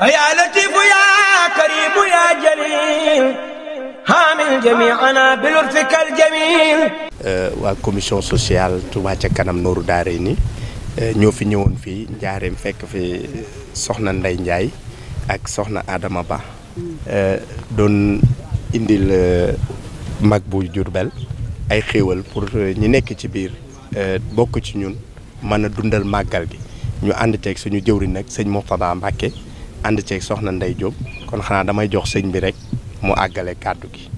yaa latiifu yaa kariimu yaa jaliil haamil jamii'anaa bil urfi kal jamiil waa commission sociale Touba ca kanam nooru daare ni ñoo fi ñëwoon fii njaareem fekk fi soxna Ndey Njaay ak soxna aadama Ba doon indil mag bu Jurbel ay xéewal pour ñi nekk ci biir bokk ci ñun mën a dundal màggal gi ñu ànd teeg suñu jëwriñ nag sëñ Mourtada Mbàkke ànd ceeg soxna Ndey Diop kon xanaa damay jox sëñ bi rek mu àggale kàddu gi.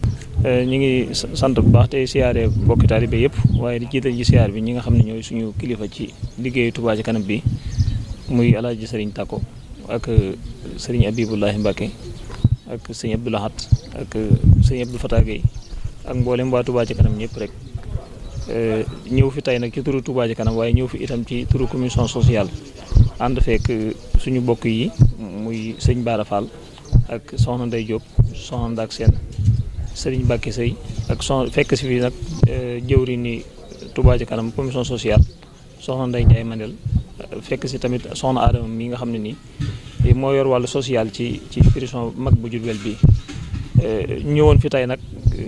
Euh, ñu ngi sant bu baax tey siyaare bokki taalibe yëpp waaye di jiital ci siyaar bi ñi nga xam ne ñooy suñu kilifa ci liggéey Touba ci kanam bi muy El Hadj Serigne Tako euh, ak Serigne Abiboulahi Mbacke ak sëñ Abdou ak sëñ Abdou Fatah ak mboolem waa Touba ci kanam ñëpp rek. Euh, ñëw fi tey nag ci turu waaye ñëw fi itam ci turu commission sociale ànd fekk suñu bokk yi muy sëñ Bara Fall ak soxna Ndey Diop soxna Ndak Seen sëriñ Bàkki Sëy ak so fekk si fii nag eh, jëwri ni Touba ci kanam commission sociale soxna Ndey Njaay Mandel eh, fekk si tamit soxna Adama mi nga xam ne nii eh, moo yor wàllu social ci ci prison mag bu Jurbel bi ñëwoon fi tey nag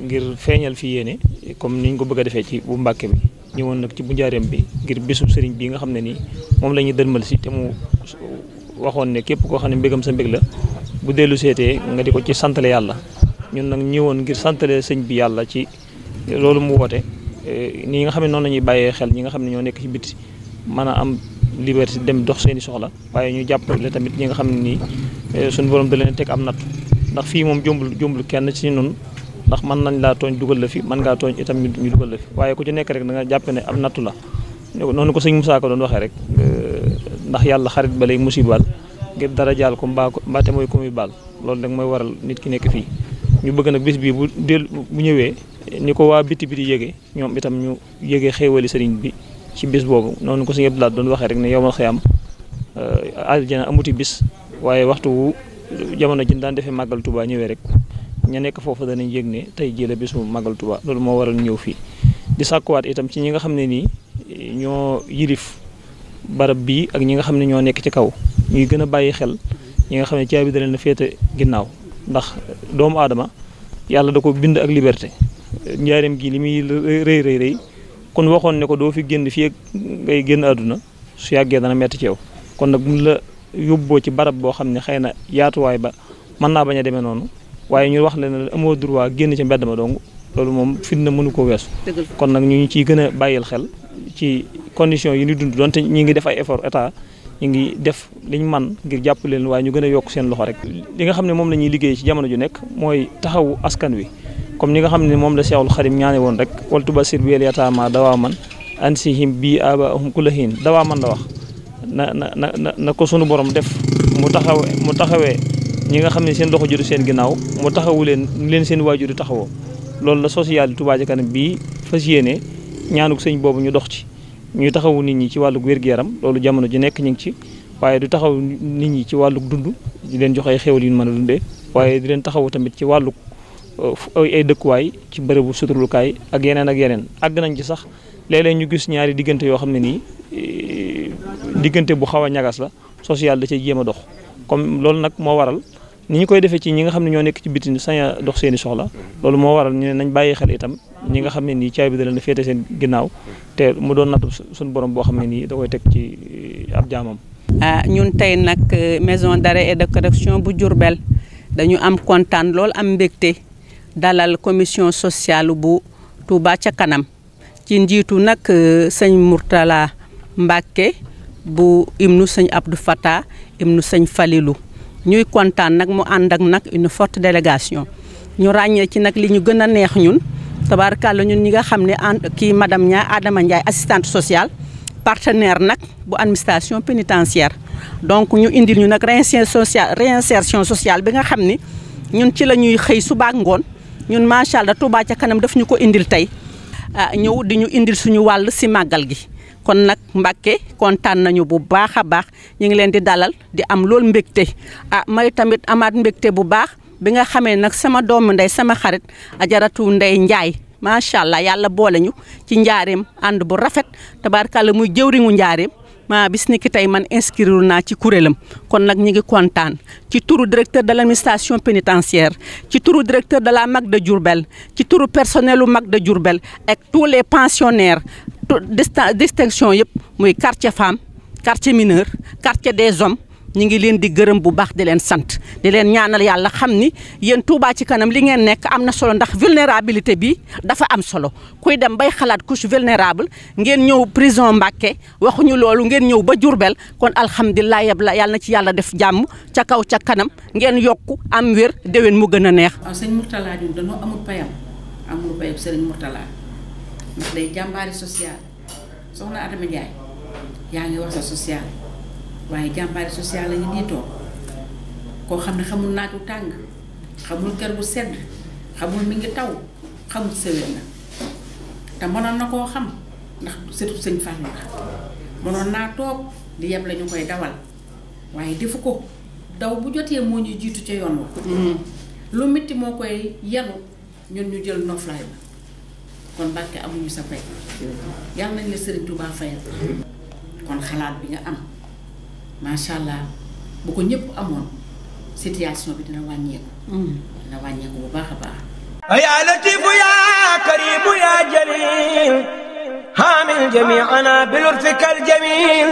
ngir feeñal fi yéene comme niñ ko bëgg a defee ci bu Mbàkke bi ñëwoon nag ci bu njaareem bi ngir bisu sëriñ bi nga xam ne nii moom la ñuy si te mu waxoon ne képp koo xam ne mbégam sa mbég la bu dellu seetee nga di ko ci santale yàlla ñun nag woon ngir santale sëñ bi yàlla ci loolu mu woote eh, nii nga xam ne noonu la ñuy bàyyee xel ñi nga xam ne ñoo nekk ci biti mën a am liberté dem dox seeni soxla waaye ñu jàppale tamit ñi nga xam ne nii eh, suñu borom da leen teg am natt ndax fii moom jombul jombul kenn ci noonu ndax mën nañ laa tooñ dugal la fi mën ngaa tooñ itam ñu dugal la waaye ku ci nekk rek da nga jàpp ne am nattu la noonu ko sëñ Moussa ko doon waxee rek eh, ndax yàlla xarit ba léegi musibaal ngir dara jaal ko mbaa ko mbaate mooy ko muy baal loolu nag mooy waral nit ki nekk fii ñu bëgg nag bis bii bu del bu ñëwee ni ko waa biti biti yëgee ñoom itam ñu yëgee xéewali sëriñ bi ci bis boobu noonu ko si suñu laat doon waxee rek ne yowmal xiyaam euh, aljana amuti bis waaye waxtu jamono ji daan defee màggal Tuubaa ñëwee rek ña nekk foofu danañ yéeg ne tey jii la bisu màggal Tuubaa loolu moo waral ñëw fii di sàkkuwaat itam ci ñi nga xam ne nii ñoo yilif barab bii ak ñi nga xam ne ñoo nekk ci kaw ñuy gën a bàyyi xel ñi nga xam ne caabi da leen a féete ginnaaw ndax doomu aadama yàlla da ko bind ak liberté njaareem gi li muy rëy rëy rëy kon waxoon ne ko doo fi génn fii ak ngay génn àdduna su yàggee dana metti ci yow kon nag buñ la yóbboo ci barab boo xam ne xëy na yaatuwaay ba mën naa bañ a demee noonu waaye ñu wax la ne amoo droit génn ci mbedd ma dong loolu moom fitna mënu ko weesu kon nag ñu ñu ciy gën condition yi ñu dund donte ñi ngi def ay effort état ñu ngi def liñ man ngir jàpp leen waaye ñu gën a yokk seen loxo rek. li nga xam ne moom la ñuy liggéey ci jamono ju nekk mooy askan wi comme ni nga xam moom la Seexul Xadim ñaane woon rek wal tubasir bil yataama dawaa man si ansihim bii la kulahin dawaa man la wax na na na na ko sunu borom def mu taxaw mu taxawe ñi nga xam ne seen loxo juru seen ginnaaw mu taxawu leen leen seen waajur di taxawoo loolu la social Touba Ca Kanam bii fas yéene ñaanuk sëñ boobu ñu dox ci. ñuy taxawu nit ñi ci wàllug wér-gu-yaram loolu jamono ji nekk ñu ngi ci waaye du taxaw nit ñi ci wàllug dund di leen jox ay xéwal yu ñu mën a dundee waaye di leen taxawu tamit ci wàllug euh, ay dëkkuwaay ci bërëbu suturlukaay ak yeneen ak yeneen àgg nañ ci sax léeg-léeg ñu gis ñaari diggante yoo xam ne nii diggante bu xaw a ñagas la social da cay jéem a dox comme loolu nag moo waral ni ñu koy defee ci ñi nga xam ne ñoo nekk ci biti sañ a dox seen i soxla loolu moo waral ñu ne bàyyi xel itam ñi nga xam ne caay bi da leen a féete seen ginnaaw te mu doon nattu suñu borom boo xam ne nii da koy teg ci eh, ab jaamam. ah ñun tey nag eh, maison d'arrêt et de correction bu Diourbel dañu am kontaan lool am mbégte dalal commission sociale bu Touba ca kanam ci njiitu nag eh, sëñ Mourtala Mbacke bu imnu sëñ Abdou Fattah imnu sëñ Falilou ñuy kontaan nag mu ànd ak nag une forte délégation ñu ràññee ci nag li ñu gën neex ñun. tabaarkàlla ñun ñi nga xam ne en kii madam Nia Adama Ndiaye assistante social partenaire nag bu administration pénitentiaire donc ñu indil ñu nag réinsertion sociale réinsertion sociale bi nga xam ni ñun ci la ñuy xëy suba ak ngoon ñun macha allah Touba ca kanam daf ñu ko indil tey ah, ñëw di ñu indil suñu wàll si màggal gi kon nag Mbàkke kontaan nañu bu baax a baax ñu ngi leen di dalal di am loolu mbégte ah may tamit amaat mbégte bu baax. bi nga xamee nag sama doomu ndey sama xarit ajaratu ndey njaay macha allah yàlla boole ñu ci njaareem ànd bu rafet tabaarkàlla muy jëwri jëwriñu njaareem maa bis ni tey man inscrire naa ci kuréelam kon nag ñu ngi kontaan ci turu directeur de l' administration pénitentiaire ci turu directeur de la mag de Diourbel ci turu personnel u mag de Diourbel ak tous les pensionnaires distinction yëpp muy quartier femme quartier mineur quartier des hommes ñu ngi leen di gërëm bu baax di leen sant di leen ñaanal yàlla xam ni yéen tuubaa ci kanam li ngeen nekk am na solo ndax vulnérabilité bi dafa am solo kuy dem bay xalaat couche vulnérable ngeen ñëw prison Mbàkke waxuñu loolu ngeen ñëw ba Jurbel kon alhamdulilah yab la yàlla na ci yàlla def jàmm ca kaw ca kanam ngeen yokk am wér déwén mu gën a neex. waaw sëñ Mourtala ñun dañoo amul payam amul payam sëriñ Mourtala Adama Ndiaye yaa ngi wax sa waaye jàmbaari social la ñu nii koo xam ne xamul naaj wu tàng xamul kër bu sedd xamul mi ngi taw xamul sewet na te mënoon na koo xam ndax surtout sëñ Fallou naa toog di yeb la koy dawal waaye defu ko daw bu jotee moo ñu jiitu ca yoon wa mm-hmm. lu métti moo koy yenu ñun ñu jël noflaay kon barke amuñu sa pay mm-hmm. yàlla nañ sëriñ Touba fayal mm-hmm. kon xalaat bi nga am macha allah bu ko ñëpp amoon situation bi dina wàññeeku. Hmm. dina wàññeeku bu baax a baax. yaa latifu yaa karimu yaa jalil haamil jamiana bil urfikal jamil